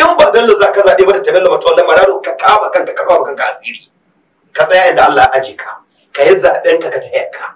in ba bello za ka zaɓe ba da ta bello mata wallahi mararo ka kama kanka ka kama kanka asiri ka tsaya inda Allah ya aje ka ka yi zaɓen ka ka ta ka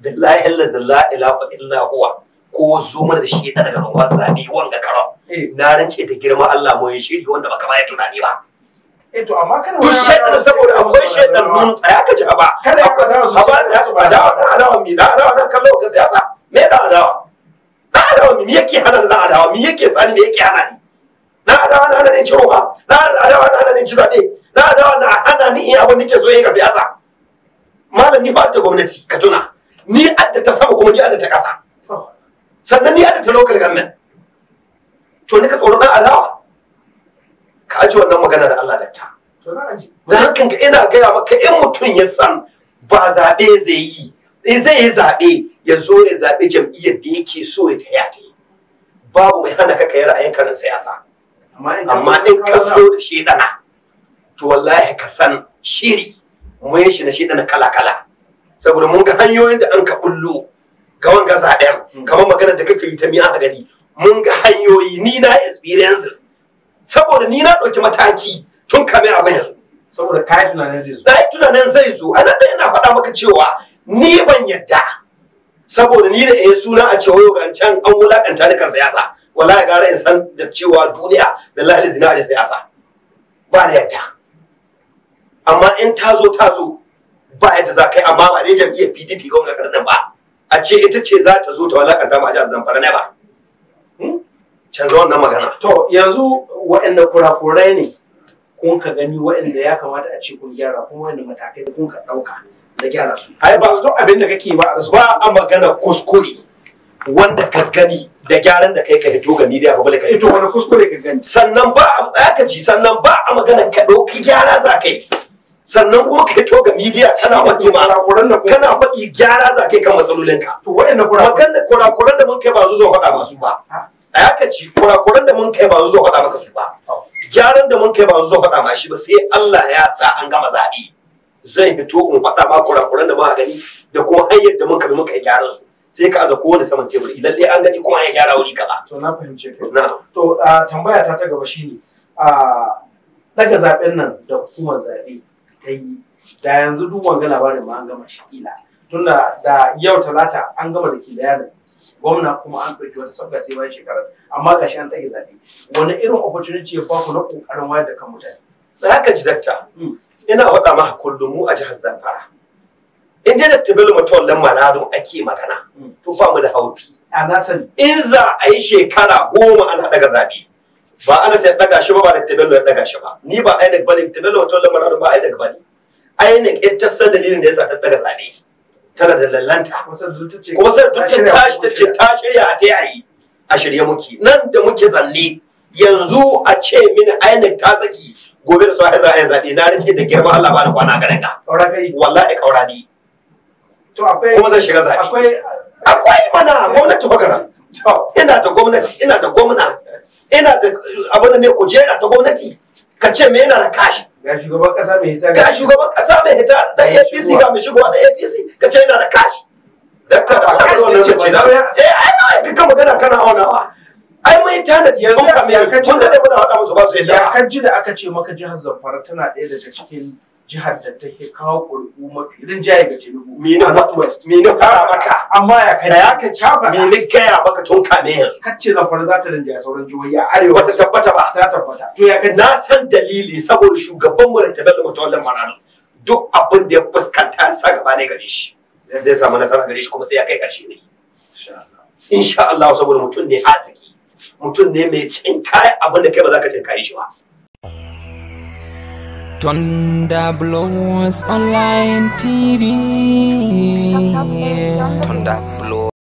billahi allazi la ilaha illa huwa ko zo mana da shi ta daga ruwan zaɓe wanga karo eh. na rance da girma Allah mu yi shiri wanda baka baya tunani ba eh, to amma kana duk shaidan saboda akwai shaidan mun tsaya ka ji haba akwai haba da adawa da adawa mi da adawa da kallo ka siyasa me da adawa da adawa mi yake hana da adawa mi yake tsani me yake hana ni adawa na hana ni ciro ba na adawa na hana ni ci zaɓe na adawa na hana ni iya abin nake so yi ga siyasa malam ni ba ta gwamnati ka tuna ni adda ta sama kuma ni adda ta ƙasa sannan ni adda ta local government to ni ka tsoro dan adawa ka aji wannan magana da Allah datta da hakan ka ina gaya maka in mutum ya san ba zaɓe zai yi zai yi zaɓe ya zo ya zaɓi jam'iyyar da yake so ya taya ta yi babu mai hana ka kai ra'ayin karin siyasa amma in ka zo da shi dana to wallahi ka san shiri mu shi na shi dana kala kala saboda mun ga hanyoyin da an ka bullo ga wanga zaɓen hmm. kamar magana da kake yi ta miya a gani mun ga hanyoyi ni na experiences saboda ni na ɗauki mataki tun kame abin yanzu saboda kayi tunanin zai zo kayi tunanin zai zo a nan da yana faɗa maka cewa ni ban yadda saboda ni da ya eh suna a cewa yau can an wulakanta ni kan siyasa wallahi gara in san da cewa duniya billahi zina da siyasa ba da yadda amma in ta zo ta zo ba yadda za ka yi amma ba ne jam'iyyar PDP ga wannan karnin ba a ce ita ce za ta zo ta walakanta ma jihar Zamfara ne ba hmm? canza wannan magana to yanzu waɗanda kurakurai ne kun ka gani waɗanda ya kamata a ce kun gyara kuma waɗanda matakai kun ka ɗauka na gyara su ai ba su abin da kake ba ba a magana kuskure wanda ka gani da gyaran da kai ka hito gani da abubuwa ka hito wani kuskure ka gani sannan ba a tsakaci sannan ba a magana ka dauki gyara za ka yi sannan kuma ka hito ga media kana faɗi ma kana faɗi gyara za ka yi kan matsalolinka magana kuran da mun kai ba su zo faɗa masu ba ah. a yaka ci kuran da mun kai ba su zo faɗa maka su ba oh. gyaran da mun kai ba su zo faɗa ba shi ba sai Allah ya sa an gama zaɓe zai fito in faɗa ma kuran da muka gani da kuma hanyar da mun kai muka yi gyaran su sai ka aza kowane saman tebur sai an gani kuma ya gyara wuri kaza to na fahimce kai na to tambaya ta ta gaba shi a daga zaben nan da hukumar zabe ta yi da yanzu duk wanga labarin ma an gama shi kila tunda da yau talata an gama da kilayanin gwamna kuma an ɗauki wata sabga sai bayan shekarar amma ga shi an ɗage zaɓe wani irin opportunity ya baku na ƙoƙarin wayar da kan mutane za ka ji dakta mm. ina waɗa maka kullum a jihar zamfara in dai da mutuwar lan marado ake magana to ba mu da haufi in za a yi shekara goma ana daga zaɓe ba ana sai daga shi ba ba da tabello ya daga shi ba ni ba INEC bane tabello to lan marado ba INEC ne. INEC ita san dalilin da yasa ta daga zaɓe tana da lallanta kuma sai ta tashi ta ce ta shirya a ta yi a shirye muke nan da muke zanne yanzu a ce mini INEC ta saki gobe da su a yi zaɓe na rike da girma Allah ba da kwana garin ka wallahi kaura ne kuma zai shiga zaɓe akwai mana gwamnati bagara ina da gwamnati ina da gwamna ina da abin da ne kujera ta gwamnati ka ce me yana da kashi ga shugaban ƙasa mai hita ga shugaban da APC ga mai shigowa da APC ka ce yana da kashi da ta da kashi ne ce ce da eh ai na ka gana kana aunawa ai mai tanadi yanzu ka mai kun da da muna hada musu ba su yadda ya kaji da aka ce maka jihar Zamfara tana ɗaya daga cikin jihar da take kawo ƙuri'u mafi rinjaye ga Tinubu. Me na North West. Me na fara maka. Amma ya kai. Da ya ka caba. Me kai gaya baka tun kame yanzu. Kacce zafar za ta rinjaya sauran jihohi a arewa. Bata tabbata ba. Ta tabbata. To ya kai. Na san dalili saboda shugaban mu da tabella mutawallan marano. Duk abin da ya fuskanta ya sa gaba ne gare shi. Zai samu nasara gare shi kuma sai ya kai ƙarshe ne. Insha Allah. saboda mutum ne haziki. Mutum ne mai cin kai abin da kai ba za ka cin kai shi ba. Thunder Online TV. Thunder